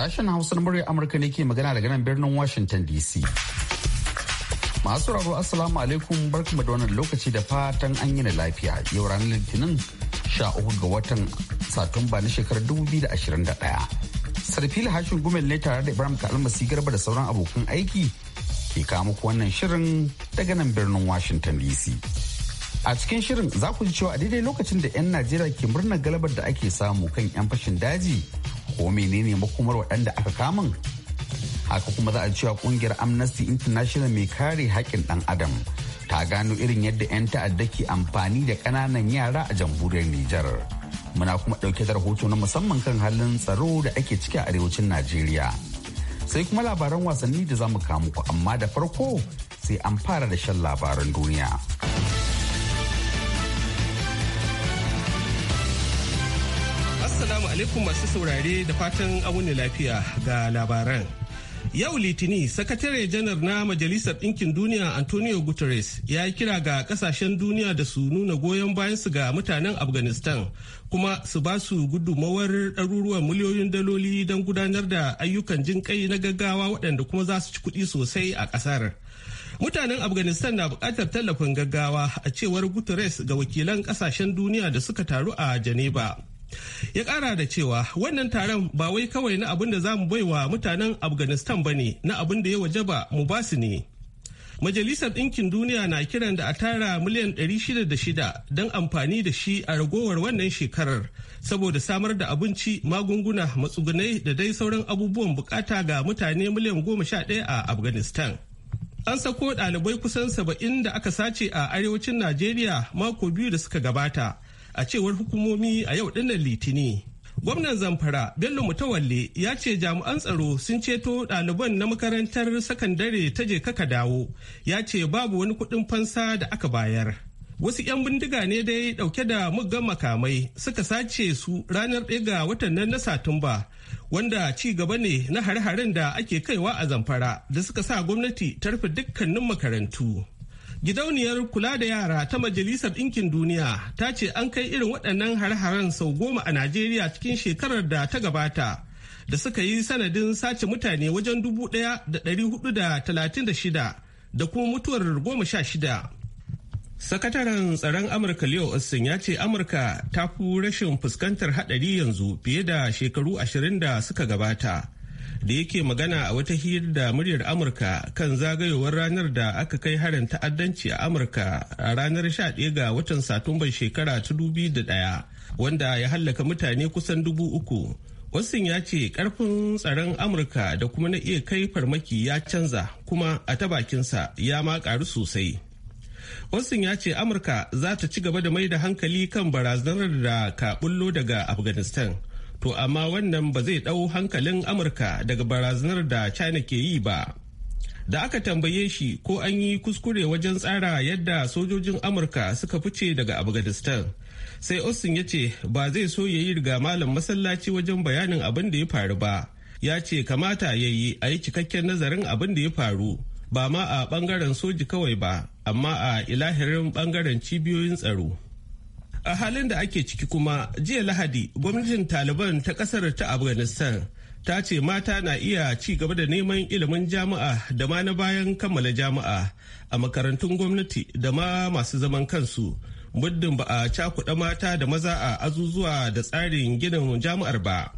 Sashen Hausa na muryar Amurka ne ke magana daga nan birnin Washington DC. Masu raro Assalamu alaikum barkamu da wannan lokaci da fatan an yi lafiya yau ranar Litinin Sha 13 ga watan Satumba na shekarar 2021. Sarfil Hashin Gumel ne tare da Ibrahim Kalmasi Garba da sauran abokan aiki ke kama wannan shirin daga nan birnin Washington DC. A cikin shirin za ku ji cewa a daidai lokacin da 'yan Najeriya ke murnar galabar da ake samu kan 'yan fashin daji ko menene makomar waɗanda aka kamun haka kuma za a cewa kungiyar amnesty international mai kare haƙƙin ɗan adam ta gano irin yadda 'yan ta'adda ke amfani da ƙananan yara a jamhuriyar nijar muna kuma ɗauke da rahoto na musamman kan halin tsaro da ake ciki a arewacin najeriya sai kuma labaran wasanni da za mu kamu ku amma da farko sai an fara da shan labaran duniya. Assalamu alaikum masu saurare da fatan auni lafiya ga labaran. Yau Litini, Sakatare janar na Majalisar Ɗinkin Duniya Antonio Guterres ya yi kira ga kasashen duniya da su nuna goyon bayansu ga mutanen Afghanistan kuma su ba su gudummawar ɗaruruwan miliyoyin daloli don gudanar da ayyukan jin kai na gaggawa waɗanda kuma za su ci kuɗi sosai a ƙasar. Mutanen Afghanistan na buƙatar tallafin gaggawa a cewar Guterres ga wakilan ƙasashen duniya da suka taru a Geneva. ya kara da cewa wannan taron ba wai kawai na abin da za mu baiwa mutanen afghanistan ba ne na abin da ya wajaba mu basu ne majalisar ɗinkin duniya na kiran da a tara miliyan 606 don amfani da shi a ragowar wannan shekarar saboda samar da abinci magunguna matsugunai da dai sauran abubuwan bukata ga mutane miliyan 11 a afghanistan an sako ɗalibai kusan saba'in da aka sace a arewacin najeriya mako biyu da suka gabata a cewar hukumomi a yau dinnan litini gwamnan zamfara bello mutawalle ya ce jami'an tsaro sun ceto ɗaliban na makarantar sakandare ta je kaka dawo ya ce babu wani kuɗin fansa da aka bayar wasu 'yan bindiga ne dai ɗauke da muggan makamai suka sace su ranar ɗaya ga watan nan na satumba wanda ci gaba ne na hare-haren da ake kaiwa a zamfara da suka sa gwamnati ta rufe dukkanin makarantu Gidauniyar kula da yara ta Majalisar Ɗinkin Duniya ta ce an kai irin waɗannan har-haren sau goma a Najeriya cikin shekarar da ta gabata da suka yi sanadin sace mutane wajen dubu ɗaya da ɗari hudu da talatin da shida da kuma mutuwar goma sha shida. Sakataren tsaron Amurka Leo Austin ya ce Amurka ta fi rashin fuskantar haɗari yanzu fiye da shekaru ashirin da suka gabata. da yake magana a wata hira da muryar amurka kan zagayowar ranar da aka kai harin ta'addanci a amurka a ranar 11 ga watan satumbar shekara ta ɗaya, wanda ya hallaka mutane kusan dubu uku Watson ya ce karfin tsaron amurka da kuma na iya kai farmaki ya canza kuma a ta bakinsa ya ma karu sosai Watson ya ce amurka za ta ci gaba da mai da hankali kan barazanar da ka bullo daga afghanistan to amma wannan ba zai ɗau hankalin amurka daga barazanar da china ke yi ba da aka tambaye shi ko an yi kuskure wajen tsara yadda sojojin amurka suka fice daga afghanistan sai austin ya ce ba zai so ya yi riga malam masallaci wajen bayanin abin da ya faru ba ya ce kamata ya yi a yi cikakken nazarin abin da ya faru ba ma a ɓangaren soji kawai ba amma a ilahirin ɓangaren cibiyoyin tsaro a halin da ake ciki kuma jiya lahadi gwamnatin taliban ta kasar ta afghanistan ta ce mata na iya ci gaba da neman ilimin jama'a da ma na bayan kammala jama'a a makarantun gwamnati da ma masu zaman kansu muddin ba a cakuɗa mata da maza a azuzuwa da tsarin ginin jama'ar ba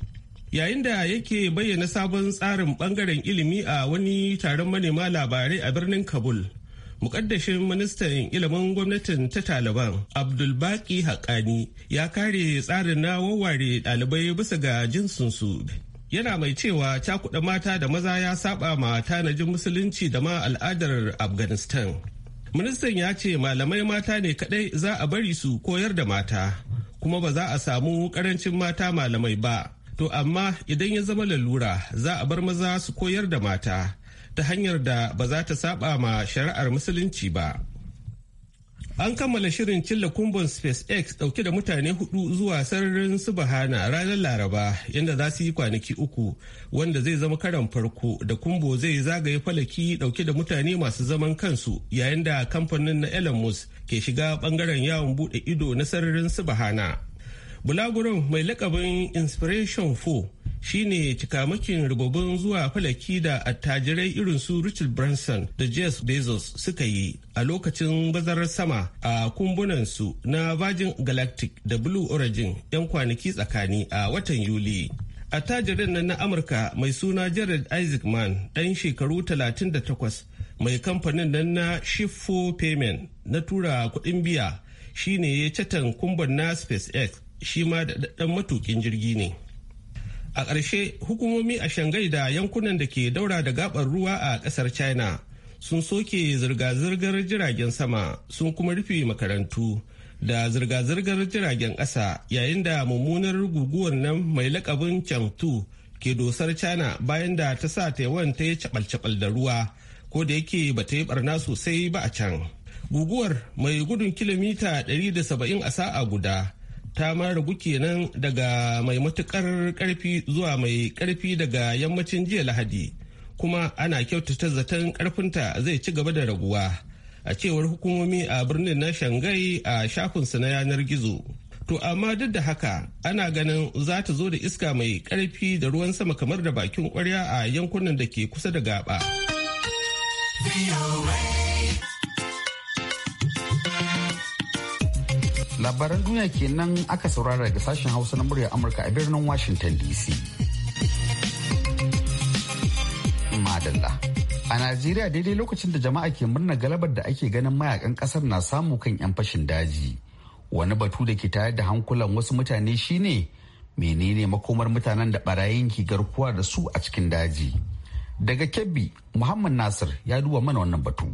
yayin da yake bayyana sabon tsarin bangaren ilimi a wani taron manema labarai a birnin kabul Mukaddashin ministan ilimin gwamnatin ta Taliban Abdulbaki Haƙani ya kare tsarin na wawware ɗalibai bisa ga jinsinsu. Yana mai cewa cakuɗa mata da maza ya saba ma tanajin musulunci da ma al'adar Afghanistan. Ministan ya ce malamai mata ne kaɗai za a bari su koyar da mata, kuma ba za a samu ƙarancin mata malamai ba. To amma idan ya zama lalura za a bar maza su koyar da mata. ta hanyar da ba za ta saba ma shari'ar musulunci ba. An kammala shirin cilla kumbon SpaceX dauke da mutane hudu zuwa sararin subahana ranar Laraba yadda za su yi kwanaki uku wanda zai zama karan farko da kumbo zai zagaye falaki dauke da mutane masu zaman kansu yayin da kamfanin na Elon Musk ke shiga bangaren yawon bude ido na sararin subahana. bulaguro mai lakabin inspiration 4 shine cikamakin rigogon zuwa falaki da attajirai irin su richard branson da jeff bezos suka yi a lokacin bazarar sama a kumbunansu na virgin galactic da blue origin 'yan kwanaki tsakani a watan yuli attajirin nan na amurka mai suna jared isaacman dan shekaru 38 mai kamfanin nan na shifo payment na tura kuɗin biya shine ya catan kumbar na spacex shi ma da matukin jirgi ne a ƙarshe hukumomi a shangai da yankunan da ke daura da gabar ruwa a ƙasar china sun soke zirga-zirgar jiragen sama sun kuma rufe makarantu da zirga-zirgar jiragen ƙasa yayin da mummunar guguwar nan mai lakabin changtu ke dosar china bayan da ta sa taiwan ta yi cabal-cabal da ruwa ko da yake ba ta yi barna sosai ba a can guguwar mai gudun kilomita 170 a sa'a guda ta maragu kenan daga mai matukar karfi zuwa mai karfi daga yammacin jiya lahadi kuma ana kyautata zaton karfinta zai ci gaba da raguwa a cewar hukumomi a birnin na shangai a shafinsa na yanar gizo to amma duk da haka ana ganin za ta zo da iska mai karfi da ruwan sama kamar da bakin kwarya a yankunan da ke kusa da gaba. labaran duniya kenan aka saurara daga sashen hausa na muryar amurka a birnin washington dc madalla a najeriya daidai lokacin da jama'a ke murna galabar da ake ganin mayakan kasar na samu kan 'yan fashin daji wani batu da ke tare da hankulan wasu mutane shine menene makomar mutanen da barayin ke garkuwa da su a cikin daji daga kebbi muhammad nasir ya duba mana wannan batu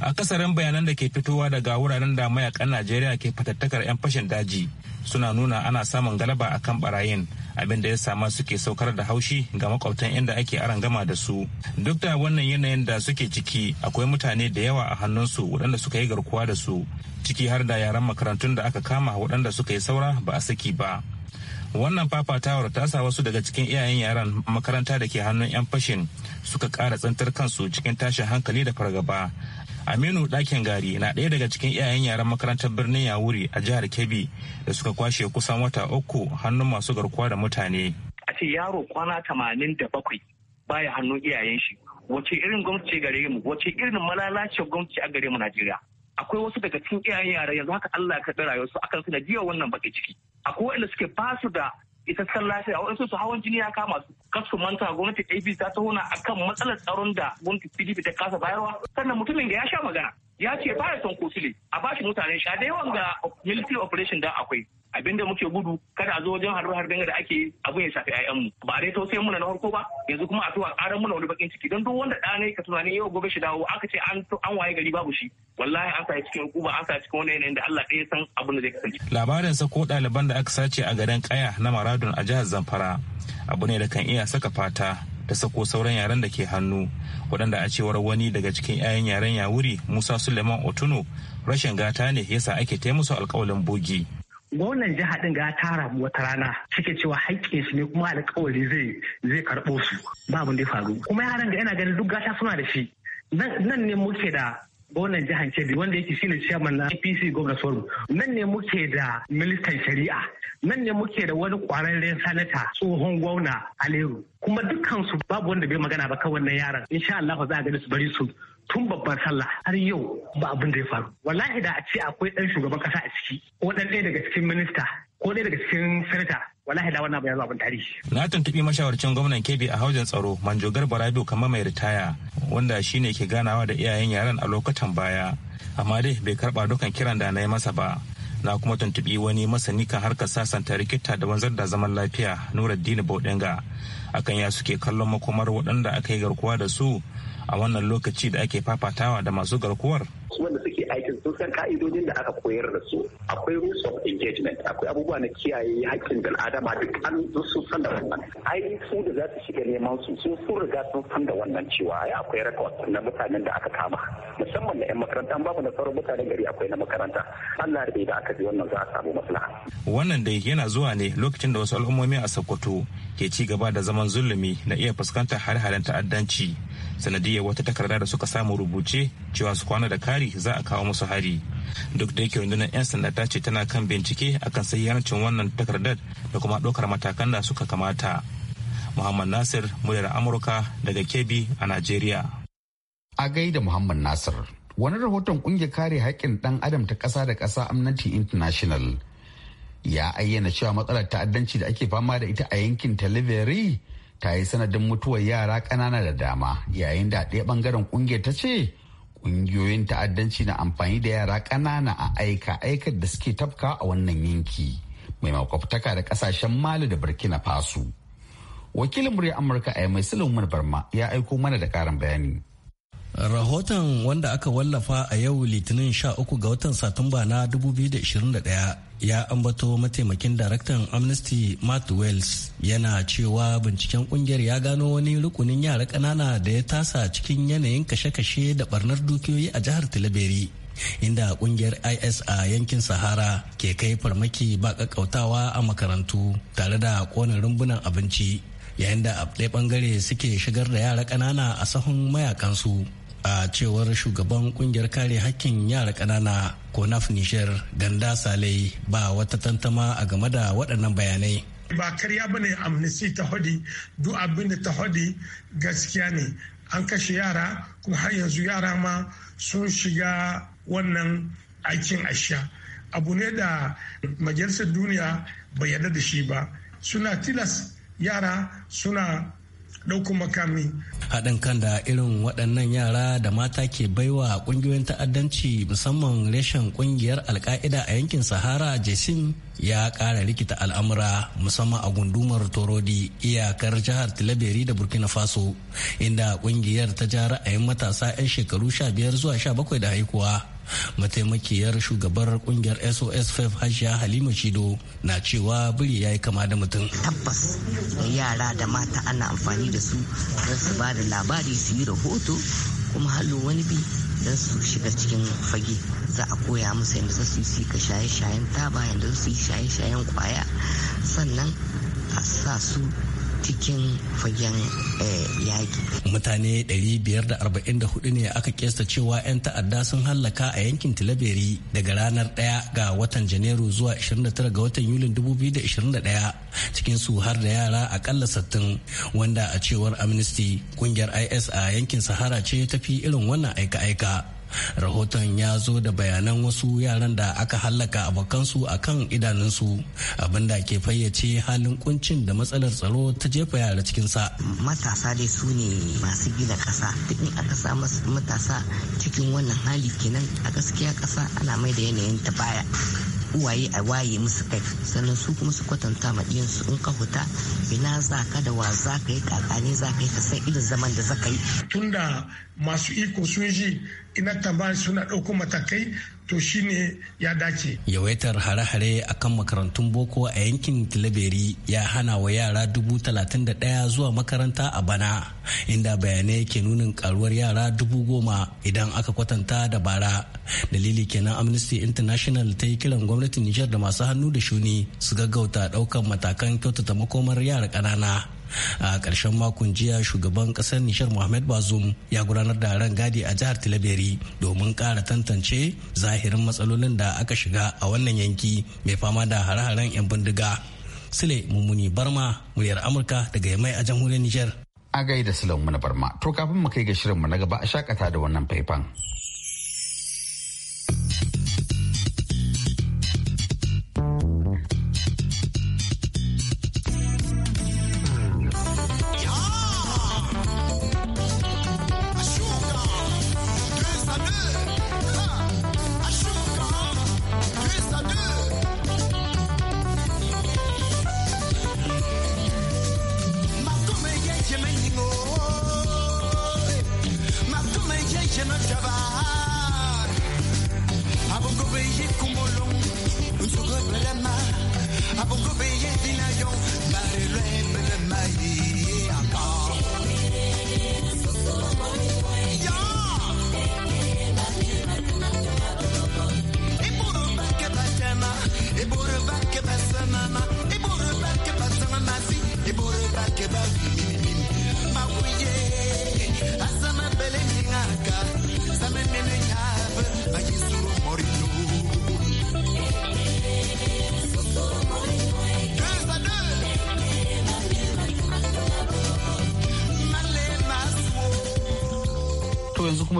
akasarin bayanan da ke fitowa daga wuraren da mayakan najeriya ke fatattakar 'yan fashin daji suna nuna ana samun galaba a kan barayin abin da ya sama suke saukar da haushi ga makwabtan inda ake gama da su duk da wannan yanayin da suke ciki akwai mutane da yawa a hannunsu waɗanda suka yi garkuwa da su ciki har da yaran makarantun da aka kama waɗanda suka yi saura ba a saki ba wannan fafatawar ta sa wasu daga cikin iyayen yaran makaranta da ke hannun 'yan fashin suka kara tsantar kansu cikin tashin hankali da fargaba aminu dakin gari na ɗaya daga cikin 'ya'yan yaren makarantar birnin yawuri a jihar kebbi da suka kwashe kusan wata uku hannun masu garkuwa da mutane a ce yaro kwana tamanin da bakwai baya hannun iyayen shi wace irin gwamnati gare mu wace irin malalaciyar gwamnati a gare mu najeriya akwai wasu daga cikin iyayen yaren yanzu haka allah ya karɓi rayuwarsu akan jiya wannan baki ciki akwai wanda suke basu da ita lafiya waɗansu su hawan jini ya kama su kasu manta gwamnati AP ta tauna akan matsalar tsaron da gwamnati PDP ta kasa bayarwa sannan mutumin ga ya sha magana ya ce ya son kotule a bashi mutane sha da yawan ga military operation da akwai abin da muke gudu kada a zo wajen har harben da ake abu ya shafi mu ba dai tausayin mu na farko ba yanzu kuma a to a ƙaran na wani bakin ciki don duk wanda dana ka tunanin yau gobe shi dawo aka ce an an waye gari babu shi wallahi an sa cikin hukuma an sa cikin wani yanayin da Allah ɗaya san abin da zai kasance. Labarin sa ko ɗaliban da aka sace a garin Kaya na maradon a jihar Zamfara abu ne da kan iya saka fata da sako sauran yaren da ke hannu waɗanda a cewar wani daga cikin 'ya'yan yaren yawuri musa suleiman otuno rashin gata ne yasa ake taimusu alkawalin bogi wannan jiha din ga tara wata rana suke cewa haƙƙin shi ne kuma alƙawari zai zai karɓo su babu da faru kuma yaran ga yana ganin duk gata suna da shi nan ne muke da wannan jihar kebbi wanda yake shine chairman na apc gwamna soro. nan ne muke da ministan shari'a nan ne muke da wani kwararren sanata tsohon gwamna aleru kuma dukkan su babu wanda bai magana ba kan wannan yaran insha Allah za a gani su bari su tun babban sallah har yau ba abin da ya faru wallahi da a ce akwai ɗan shugaban ƙasa a ciki ko ɗan ɗaya daga cikin minista ko ɗaya daga cikin sanata wallahi da wannan bayan abin tarihi. Na tuntuɓi mashawarcin gwamnan Kebbi a haujin tsaro Manjogar Rabi'u kamar mai ritaya wanda shi ne ke ganawa da iyayen yaren a lokutan baya amma dai bai karɓa dukkan kiran da na yi masa ba. Na kuma tuntuɓi wani masani kan harkar sasanta rikita da wanzar da zaman lafiya Nuruddin Baudenga akan ya suke kallon makomar waɗanda aka yi garkuwa da su a wannan lokaci da ake fafatawa da masu garkuwar wanda suke aikin sun san ka'idodin da aka koyar da su akwai rules of engagement akwai abubuwa na kiyaye haƙƙin adama duk an sun san da wannan ai su da za su shiga neman su sun sun riga sun san da wannan cewa ai akwai record na mutanen da aka kama musamman na 'yan makaranta babu na sauran mutanen gari akwai na makaranta Allah ya da aka ji wannan za a samu maslaha wannan dai yana zuwa ne lokacin da wasu al'ummomi a Sokoto ke ci gaba da zaman zulumi na iya fuskantar har-haren ta'addanci sanadiyar wata takarda da suka samu rubuce cewa su kwana da kari za a kawo musu hari duk da yake rundunar 'yan sanda ta ce tana kan bincike akan sahihancin wannan takardar da kuma ɗaukar matakan da suka kamata muhammad nasir muryar amurka daga kebbi a nigeria. a gaida muhammad nasir wani rahoton kungiyar kare haƙƙin ɗan adam ta ƙasa da ƙasa amnesty international ya ayyana cewa matsalar ta'addanci da ake fama da ita a yankin talibari ta yi sanadin mutuwar yara ƙanana da dama yayin da ɗaya ɓangaren ƙungiyar ta ce ƙungiyoyin ta'addanci na amfani da yara ƙanana a aika aikar da suke tafka a wannan yanki mai makwabtaka da ƙasashen mali da burkina faso wakilin muryar amurka a mai sulaiman barma ya aiko mana da ƙarin bayani rahoton wanda aka wallafa a yau litinin 13 ga watan satumba na 2021 ya ambato mataimakin daraktan amnesty matt wells yana cewa binciken kungiyar ya gano wani rukunin yara kanana da ya tasa cikin yanayin kashe-kashe da barnar dukiyoyi a jihar tilaberi inda kungiyar is a yankin sahara ke kai farmaki ba kakkautawa a makarantu tare da kona rumbunan abinci yayin da a ɗaya bangare suke shigar da yara ƙanana a sahun mayakansu a cewar shugaban kungiyar kare hakkin yara ƙanana konaf nishar ganda salai ba wata tantama a game da waɗannan bayanai ba karya bane amnesty ta hodi duk abin da ta hodi gaskiya ne an kashe yara kuma har yanzu yara ma sun shiga wannan aikin asha abu ne da majalisar duniya bai yarda da shi ba suna tilas yara suna makami. Haɗin kan da irin waɗannan yara da mata ke baiwa ƙungiyoyin ta'addanci musamman reshen ƙungiyar alka'ida a yankin Sahara jesin ya ƙara rikita al'amura musamman a gundumar Torodi iyakar jihar Tilaberi da Burkina Faso inda ƙungiyar ta ja ra'ayin matasa 'yan shekaru 15 zuwa 17 da haikuwa. mataimakiyar shugabar kungiyar sos 5 hajiya halima shido na cewa biri ya yi kama da mutum tabbas yara da mata ana amfani da su don su ba da labari su yi rahoto kuma halin wani bi don su shiga cikin fage za a koya musu yadda su yi ka shaye-shayen taba yadda su yi shaye-shayen kwaya sannan a sa su cikin fagen eh, yaƙi. Mutane 544 ne aka kesta cewa 'yan ta'adda sun hallaka a yankin Tilaberi daga ranar 1 ga watan Janairu zuwa 29 ga watan Yulin 2021 cikin su har da yara akalla 60 wanda a cewar Amnesty kungiyar IS a yankin Sahara ce ta fi irin wannan aika-aika. rahoton ya zo da bayanan wasu yaran da aka hallaka abokansu a kan idanunsu abinda ke fayyace halin kuncin da matsalar tsaro ta jefa yara cikinsa matasa dai su ne masu gina ƙasa duk in aka sa matasa cikin wannan hali kenan a gaskiya ƙasa ana mai da yanayin ta baya uwaye a waye musu kai sannan su kuma su kwatanta ma su in ka huta ina za ka da wa za ka yi kakani za ka yi ka san irin zaman da za ka yi. Tunda masu iko sun ji ina tambaya suna ɗauko matakai to shine ya dace. Yawaitar hare-hare a kan makarantun boko a yankin Tilaberi ya hana wa yara dubu talatin da ɗaya zuwa makaranta a bana inda bayanai ke nunin karuwar yara dubu goma idan aka kwatanta da bara. Dalili kenan Amnesty International ta yi kiran gwamnatin Nijar da masu hannu da shuni su gaggauta ɗaukar matakan kyautata makomar yara ƙanana a ƙarshen makon jiya shugaban ƙasar nishar mohamed bazoum ya gudanar da rangadi a jihar tilaberi domin ƙara tantance zahirin matsalolin da aka shiga a wannan yanki mai fama da hare-haren 'yan bindiga sule mummuni barma muryar amurka daga yamai a jamhuriyar nijar a gaida sule mummuni barma to kafin mu kai ga shirinmu na gaba a shakata da wannan faifan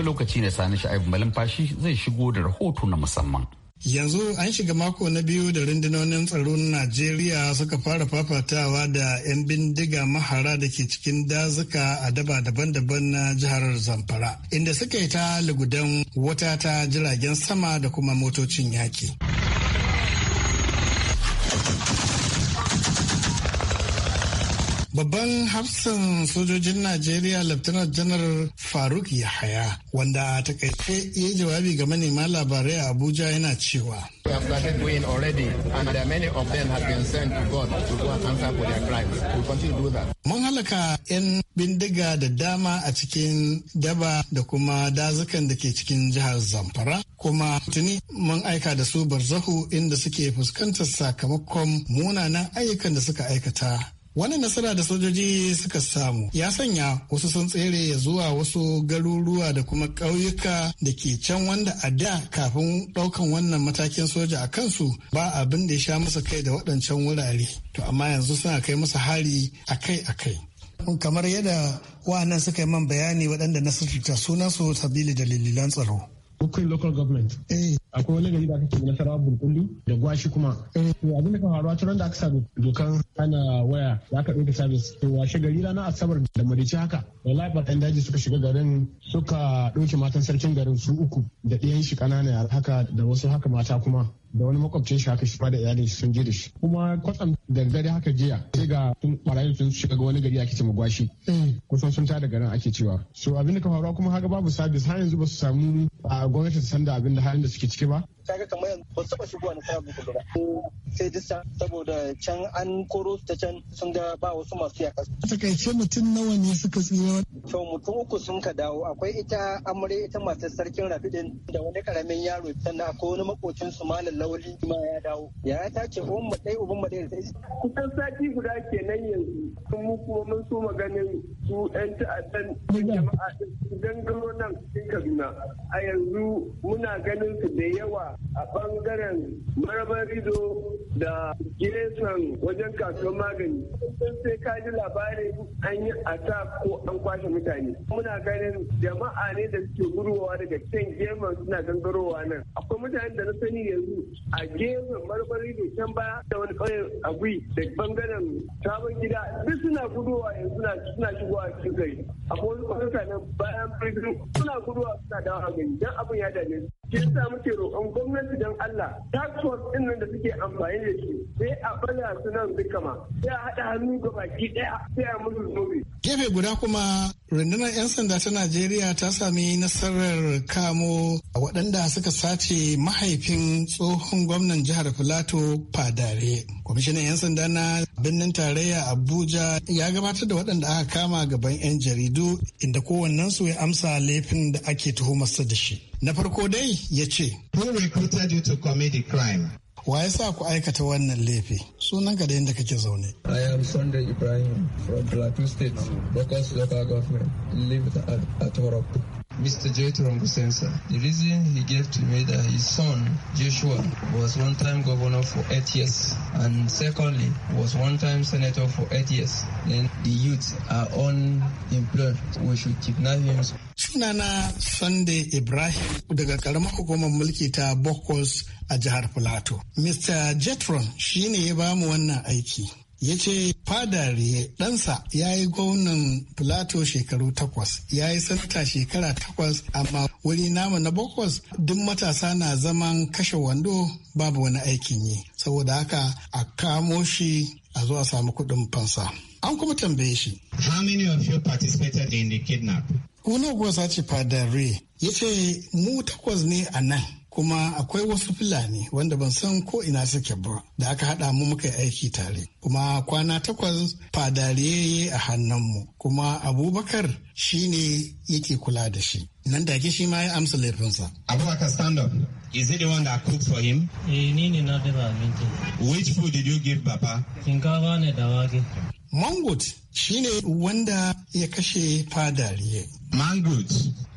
lokaci ne sani sha'ibu malumfashi zai shigo da rahoto na musamman. Yanzu an shiga mako na biyu da rundunonin tsaron Najeriya suka fara fafatawa da 'yan bindiga mahara da ke cikin dazuka a daba daban-daban na jihar Zamfara, inda suka yi ta lugudan wata ta jiragen sama da kuma motocin yaki. Babban hafsan sojojin Najeriya laftana Janar Faruk Yahaya wanda ta takaice ya jawabi ga manema labarai a Abuja yana cewa. Mun halaka 'yan bindiga da dama a cikin daba da kuma dazukan da ke cikin jihar Zamfara kuma tuni mun aika da su barzahu inda suke fuskantar sakamakon munanan ayyukan da suka aikata wani nasara da sojoji suka samu ya sanya wasu sun tsere zuwa wasu garuruwa da kuma ƙauyuka da ke can wanda a da kafin ɗaukan wannan matakin soja a kansu ba abin da ya sha musu kai da waɗancan wurare. To amma yanzu suna kai musu hari akai kai. Kamar yadda wa'annan suka yi man bayani waɗanda na sunan su sabili da lililan tsaro. Bukwai local government. Eh. Akwai wani gari da aka ce sarawa bulkulli da gwashi kuma. Eh. To abin da ka faruwa turan da aka sa dokan hana waya da aka ɗauka sabis. To washe gari rana asabar da madaici haka. Wallahi ba ɗan daji suka shiga garin suka ɗauki matan sarkin garin su uku da ɗayan shi ƙanana yara haka da wasu haka mata kuma. da wani makwabcin shi haka shi da iyalin shi sun je da shi kuma kwatsam da dare haka jiya sai ga tun barayi sun shiga ga wani gari ake cewa gwashi eh. kusan sun tada garin ake cewa so abin da ka faruwa kuma haka babu sabis har yanzu ba su samu a gwamnati ta san da abin da halin da suke ciki ba kaga kamar yanzu ba su shigowa na sabon buku ba sai dissa saboda can an koro ta can sun ga ba wasu masu yaka takaice mutum nawa ne suka tsira to mutum uku sun ka dawo akwai ita amure ita masu sarkin rafidin da wani karamin yaro sannan akwai wani makocin su ma lallawali ma ya dawo ya ta ce uban mu dai uban mu dai sai kusan sati guda kenan yanzu sun mu kuma mun so maganin su yan ta'addan jama'a din gano nan cikin Kaduna a yanzu muna ganin su da yawa a bangaren marabar rido da gefen wajen kasuwar magani sai ka ji labarin an yi attack ko an kwashe mutane muna ganin jama'a ne da suke gudowa daga can gefen suna gangarowa nan akwai mutane da na sani yanzu a gefen marmari da can baya da wani ƙauye a gwi da bangaren sabon gida duk suna gudowa yanzu suna shigowa cikin gari akwai wasu mutanen bayan birnin suna gudowa suna dawo a gari don abin ya dame su shi yasa muke roƙon gwamnati don Allah task force din nan da suke amfani da shi sai a bala su nan duka ma sai a haɗa hannu ga baki ɗaya sai a musu zobe. Gefe guda kuma rundunar 'yan sanda ta Najeriya ta sami nasarar kamo a waɗanda suka sace mahaifin tsohon gwamnan jihar Filato Fadare. Kwamishinan 'yan sanda na birnin tarayya Abuja ya gabatar da waɗanda aka kama gaban 'yan jaridu inda kowannensu ya amsa laifin da ake tuhumarsa da shi. Na farko dai ya ce, Who recruited you to comedy crime? Wa ya sa ku aikata wannan laifi? Sunan ka da yadda kake zaune. I am Sunday Ibrahim from Plateau State, Bokos Local Government, live at, at Mr. Jetron Gusensa. The reason he gave to me that his son, Joshua, was one time governor for eight years, and secondly, was one time senator for eight years. Then the youth are unemployed. We should kidnap him. Sunana Sunday Ibrahim daga karamar hukumar mulki ta Bokos a jihar Filato. Mr. Jetron ne ya bamu wannan aiki. ya ce fadare ɗansa ya yi gwamnan Filato shekaru takwas ya yi sanata shekara takwas amma wuri nama na bakwas duk matasa na zaman kashe wando babu wani aikin yi saboda haka a kamo shi a zuwa samu kuɗin fansa an kuma tambaye shi how many of you participated in the kidnap kuna fadare ya ce mu takwas ne a nan kuma akwai wasu fulani wanda ban san ko ina suke ba da aka haɗa mu muka aiki tare kuma kwana takwas fadariye a hannunmu kuma abubakar shi ne yake kula da shi nan da shi ma ya amsa laifinsa abubakar stand up Is it the one that cooked for him? Eh, ni ne na dafa abincin. Which food did you give Papa? Shinkafa ne da wake. Mangut shi ne wanda ya kashe fadariye. Mangut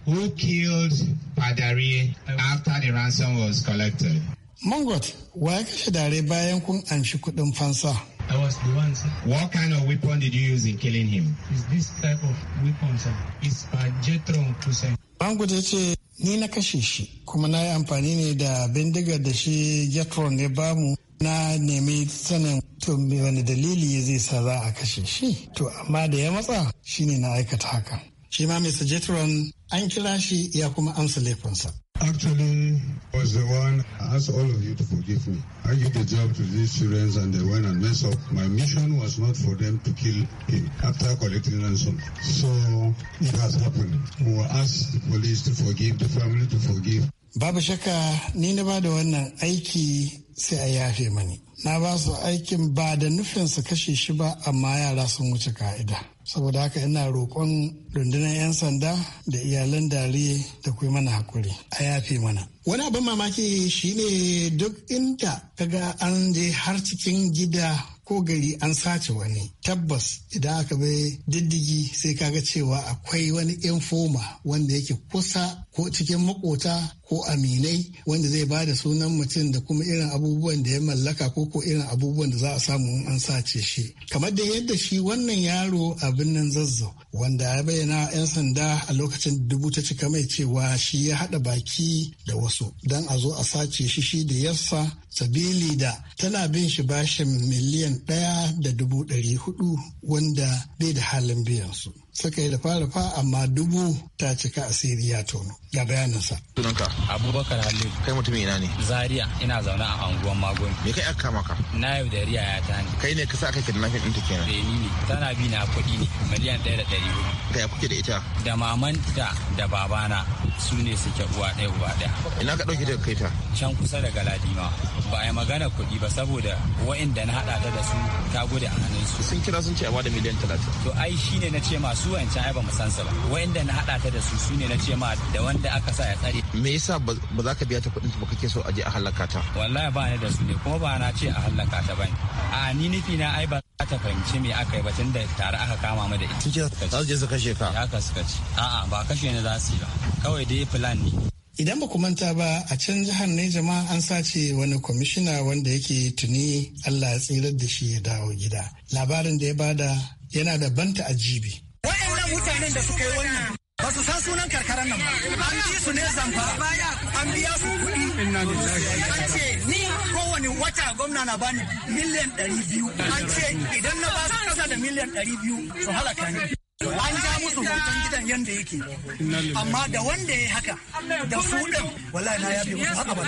who killed Padari after the ransom was collected. Mangot, wa kashe dare bayan kun anshi kuɗin fansa? I was the one, sir. What kind of weapon did you use in killing him? It's this type of weapon, sir. It's a jetron sir. Mangot ya ce, ni na kashe shi, kuma na yi amfani ne da bindigar da shi jetron ya bamu na nemi sanin to me wani dalili zai sa za a kashe shi. To, amma da ya matsa shine na aikata haka. shi ma Mr. Jethron an kira shi ya kuma amsa laifinsa. Actually, was the one I asked all of you to forgive me. I give the job to these children and they went and messed up. My mission was not for them to kill him after collecting ransom. So it has happened. We will ask the police to forgive, the family to forgive. Babu shakka ni na bada wannan aiki sai a yafe mani. na ba su aikin ba da nufin su kashe shi ba amma yara sun wuce ka'ida saboda haka ina roƙon rundunar 'yan sanda da iyalan dariye da kuma mana hakuri a yafe mana wani abin mamaki shine duk inda kaga an je har cikin gida ko gari an sace wani tabbas idan aka bai diddigi sai kaga cewa akwai wani infoma wanda yake kusa ko cikin makota ko aminai wanda zai ba da sunan mutum da kuma irin abubuwan da ya mallaka ko ko irin abubuwan da za a samu an sace shi kamar da yadda shi wannan yaro abin nan zazzau wanda ya bayyana 'yan sanda a lokacin dubu ta cika mai cewa shi ya haɗa baki da wasu don a zo a sace shi shi da yarsa sabili da tana bin shi bashin miliyan ɗaya da dubu ɗari hudu wanda bai da halin biyan su. suka yi lafa lafa amma dubu ta cika asiri ya tono ga bayaninsa. Sunanka Abubakar Halil. Kai mutum ina ne? Zaria ina zaune a anguwan Magon. Me kai aka maka? Na yau da riya ya tani. Kai ne ka sa aka kidnapping ɗinta kenan? Eh ni ne. Tana bi na kuɗi ne miliyan ɗaya da ɗari hudu. Kai kuke da ita? Da mamanta da babana su ne suke uwa ɗaya uba ɗaya. Ina ka ɗauki daga kai ta? Can kusa da Galadima. Ba a yi magana kuɗi ba saboda wa'inda na haɗa ta da su ta gode a su. Sun kira sun ce a bada miliyan talatin. To ai shine na ce masu su wancan ai ba mu san su ba wanda na hada ta da su su ne na ce ma da wanda aka sa ya tsare me yasa ba za ka biya ta kuɗin ta ba kake so a je a halaka ta wallahi ba ni da su ne kuma ba na ce a halaka ta bane a ni nufi na ai ba ta fahimci me aka yi ba tun da tare aka kama mu da ita ce za su je su kashe ka haka suka ci a'a ba kashe ne za su yi ba kawai dai plan ne idan ba ku manta ba a can jihar ne jama'a an sace wani kwamishina wanda yake tuni allah ya tsirar da shi ya dawo gida labarin da ya bada yana da banta ajibi mutanen da suka yi wannan ba su san sunan karkaran nan ba an bi su ne zamfara an biya su kuɗi an ce ni kowane wata gwamna na bani miliyan ɗari biyu an ce idan na ba su kasa da miliyan ɗari biyu su halaka ni an ja musu hoton gidan yadda yake amma da wanda ya haka da su ɗin wallahi na yabe musu haka ba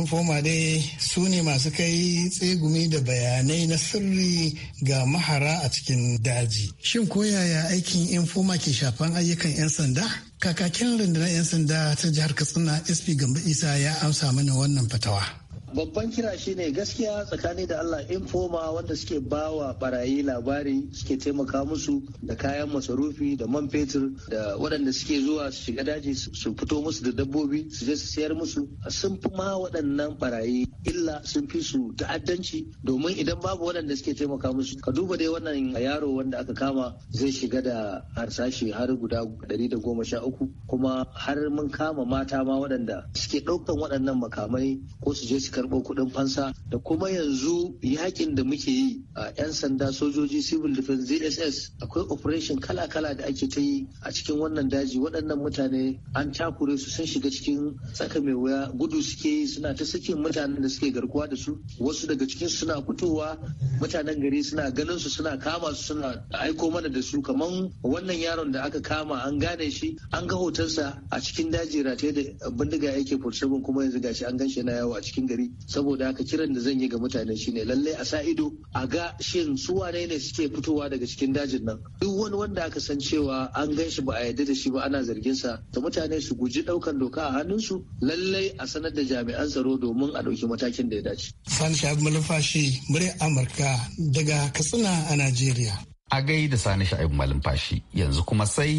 Infoma dai su ne masu kai tsegumi da bayanai na sirri ga mahara a cikin daji. Shin koyaya aikin Infoma ke shafan ayyukan 'yan sanda? Kakakin rundunar 'yan sanda ta jihar Katsina SP Gambo Isa ya amsa mana wannan fatawa. babban kira shine gaskiya tsakani da allah infoma wanda suke bawa barayi labari suke taimaka musu da kayan masarufi da man fetur da waɗanda suke zuwa su shiga daji su fito musu da dabbobi su je su sayar musu sun fi ma waɗannan barayi illa sun fi su ta'addanci domin idan babu waɗanda suke taimaka musu ka duba dai wannan yaro wanda aka kama zai shiga da harsashi har guda ɗari da goma sha uku kuma har mun kama mata ma waɗanda suke ɗaukan waɗannan makamai ko su je su karɓo kuɗin fansa da kuma yanzu yakin da muke yi a 'yan sanda sojoji civil defense zss akwai operation kala-kala da ake ta yi a cikin wannan daji waɗannan mutane an takure su sun shiga cikin tsaka mai wuya gudu suke yi suna ta sakin mutanen da suke garkuwa da su wasu daga cikin suna fitowa mutanen gari suna ganin su suna kama su suna aiko mana da su kamar wannan yaron da aka kama an gane shi an ga hotonsa a cikin daji rataye da bindiga yake fursumin kuma yanzu gashi an ganshi yana yawo a cikin gari saboda haka kiran da zan yi ga mutane shine lallai a sa ido a ga shin su wane ne suke fitowa daga cikin dajin nan duk wani wanda aka san cewa an gan ba a yarda da shi ba ana zargin sa da mutane su guji ɗaukan doka a hannunsu lallai a sanar da jami'an tsaro domin a dauki matakin da ya dace. Sani Shahab malfashi murya Amurka daga Katsina a Najeriya. A gaida Sani Shahab malfashi yanzu kuma sai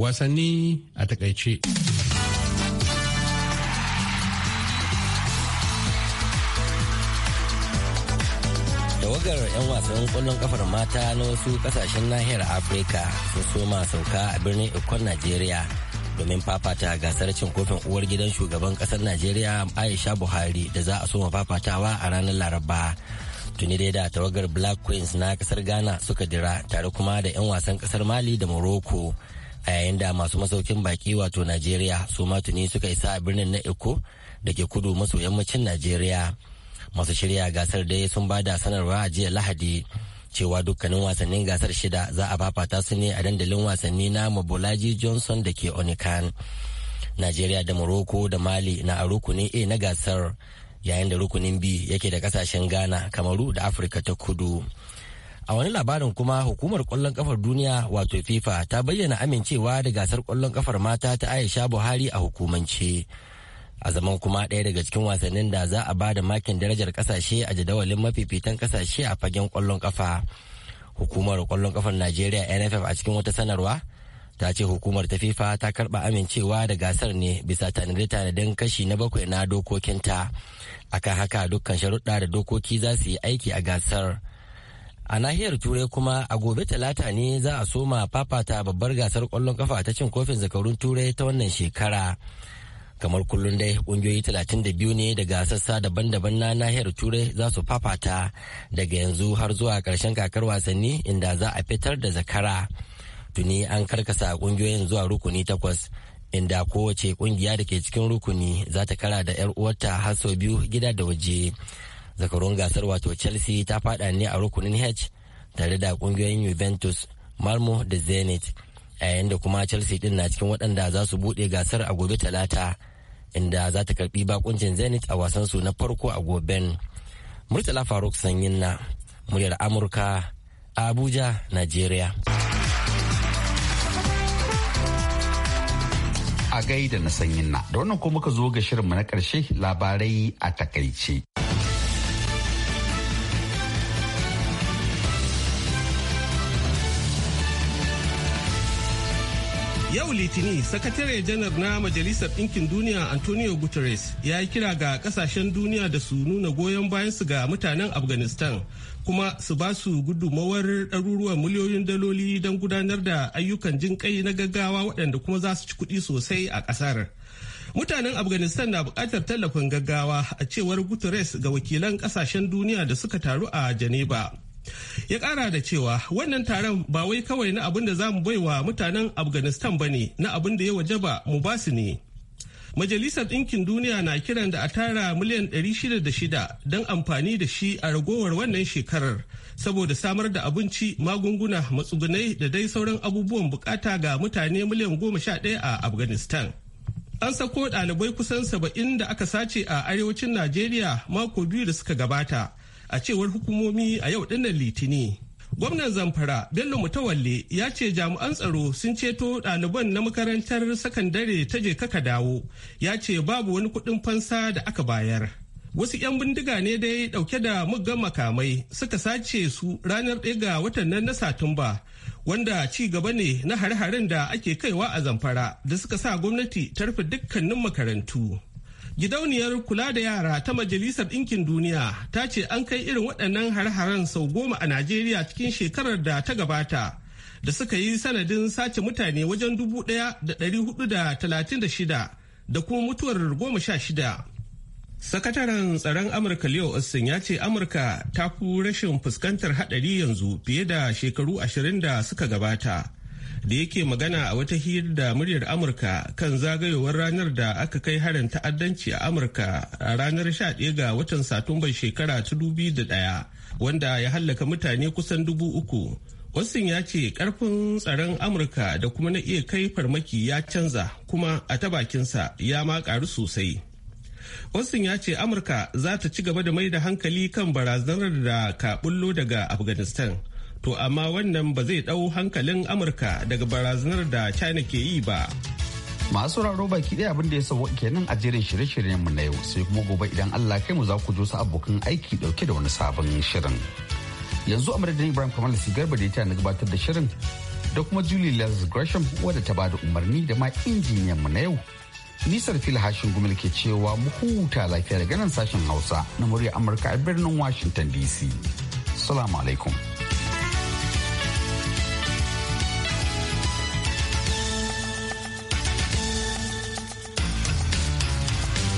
wasanni a takaice. tawagar 'yan wasan kwallon kafar mata na wasu kasashen nahiyar afirka sun soma sauka a birnin ikon najeriya domin fafata gasar cin kofin uwar gidan shugaban kasar najeriya aisha buhari da za a soma fafatawa a ranar laraba tuni dai da tawagar black queens na kasar ghana suka dira tare kuma da 'yan wasan kasar mali da morocco a yayin da masu masaukin baki wato najeriya su ma tuni suka isa a birnin na eko da ke kudu maso yammacin najeriya masu shirya gasar dai sun ba da sanarwa a jiya lahadi cewa dukkanin wasannin gasar shida za a fafata su ne a dandalin wasanni na mabolaji johnson da ke onikan najeriya da morocco da mali na a rukunin a na gasar yayin da rukunin b yake da kasashen ghana kamaru da afirka ta kudu a wani labarin kuma hukumar kwallon kafar duniya wato fifa ta bayyana amincewa da gasar kwallon kafar mata ta aisha buhari a hukumance a zaman kuma ɗaya daga cikin wasannin da za a ba da makin darajar kasashe a jadawalin mafifitan kasashe a fagen kwallon kafa hukumar kwallon kafar najeriya nff a cikin wata sanarwa ta ce hukumar ta fifa ta karba amincewa da gasar ne bisa tanade-tanaden kashi na bakwai na dokokinta akan haka dukkan sharuɗa da dokoki za su yi aiki a gasar a nahiyar turai kuma a gobe talata ne za a soma fafata babbar gasar kwallon kafa ta cin kofin zakarun turai ta wannan shekara kamar kullum dai kungiyoyi biyu ne daga sassa daban-daban na nahiyar turai za su fafata daga yanzu har zuwa karshen kakar wasanni inda za a fitar da zakara tuni an karkasa kungiyoyin zuwa rukuni takwas inda kowace kungiya da ke cikin rukuni za ta kara da 'yar uwarta har sau biyu gida da waje zakarun gasar wato chelsea ta fada ne a rukunin h tare da kungiyoyin juventus malmo da zenit yayin da kuma chelsea din na cikin waɗanda za su buɗe gasar a gobe talata inda za ta karbi bakuncin zenit a wasansu na farko a goben murtala faruk sanyin na muryar amurka abuja nigeria a gaida na sanyin na da wannan kuma muka zo ga shirinmu na karshe labarai a takaice. Yau Litinin, Sakatare Janar na Majalisar Ɗinkin Duniya Antonio Guterres ya yi kira ga ƙasashen duniya da su nuna goyon bayansu ga mutanen Afghanistan kuma su ba su gudumawar ɗaruruwan miliyoyin daloli don gudanar da ayyukan jin kai na gaggawa waɗanda kuma za su ci kuɗi sosai a ƙasar. Mutanen Afghanistan na buƙatar tallafin gaggawa a cewar Guterres ga wakilan ƙasashen duniya da suka taru a Geneva. ya kara da cewa wannan taron ba wai kawai na abin da za mu baiwa mutanen afghanistan ba ne na abin da ya waje ba mu ba su ne majalisar ɗinkin duniya na kiran da a tara miliyan 606 don amfani da shi a ragowar wannan shekarar saboda samar da abinci magunguna matsugunai da dai sauran abubuwan bukata ga mutane miliyan 11 a afghanistan an sako ɗalibai kusan saba'in da aka sace a arewacin najeriya mako biyu da suka gabata a cewar hukumomi a yau dinnan litini. Gwamnan Zamfara Bello Mutawalle ya ce jami'an tsaro sun ceto ɗaliban na makarantar sakandare ta je kaka dawo ya ce babu wani kuɗin fansa da aka bayar. wasu 'yan bindiga ne dai ɗauke da muggan makamai suka sace su ranar ɗaya ga watan nan na satumba wanda ci gaba ne na hare-haren da ake kaiwa a zamfara da suka sa gwamnati ta rufe dukkanin makarantu Gidauniyar kula da yara ta Majalisar Ɗinkin Duniya ta ce an kai irin waɗannan har-haren sau goma a Najeriya cikin shekarar da ta gabata da suka yi sanadin sace mutane wajen dubu ɗaya da ɗari hudu da talatin da shida da kuma mutuwar goma sha shida. Sakataren tsaron Amurka Leo Austin ya ce Amurka ta fi rashin fuskantar haɗari yanzu fiye da shekaru ashirin da suka gabata. da yake magana a wata hira da muryar amurka kan zagayowar ranar da aka kai harin ta'addanci a amurka a ranar 11 ga watan satumbar shekara ta ɗaya, wanda ya hallaka mutane kusan dubu uku Austin ya ce karfin tsaron amurka da kuma na iya kai farmaki ya canza kuma a ta bakinsa ya ma karu sosai Austin ya ce amurka za ta ci gaba da mai da hankali kan barazanar da ka bullo daga afghanistan to amma wannan ba zai ɗau hankalin amurka daga barazanar da china ke yi ba masu sauraro baki ɗaya abin da ya sauwa kenan a jerin shirye-shiryen mu na yau sai kuma gobe idan allah kai mu za ku jo su abokan aiki ɗauke da wani sabon shirin yanzu amadadin ibrahim kamal garba da ita na gabatar da shirin da kuma julie lars gresham wadda ta bada umarni da ma injiniyan mu na yau nisar fil hashin gumil ke cewa mu huta lafiya daga nan sashen hausa na murya amurka a birnin washington dc salamu alaikum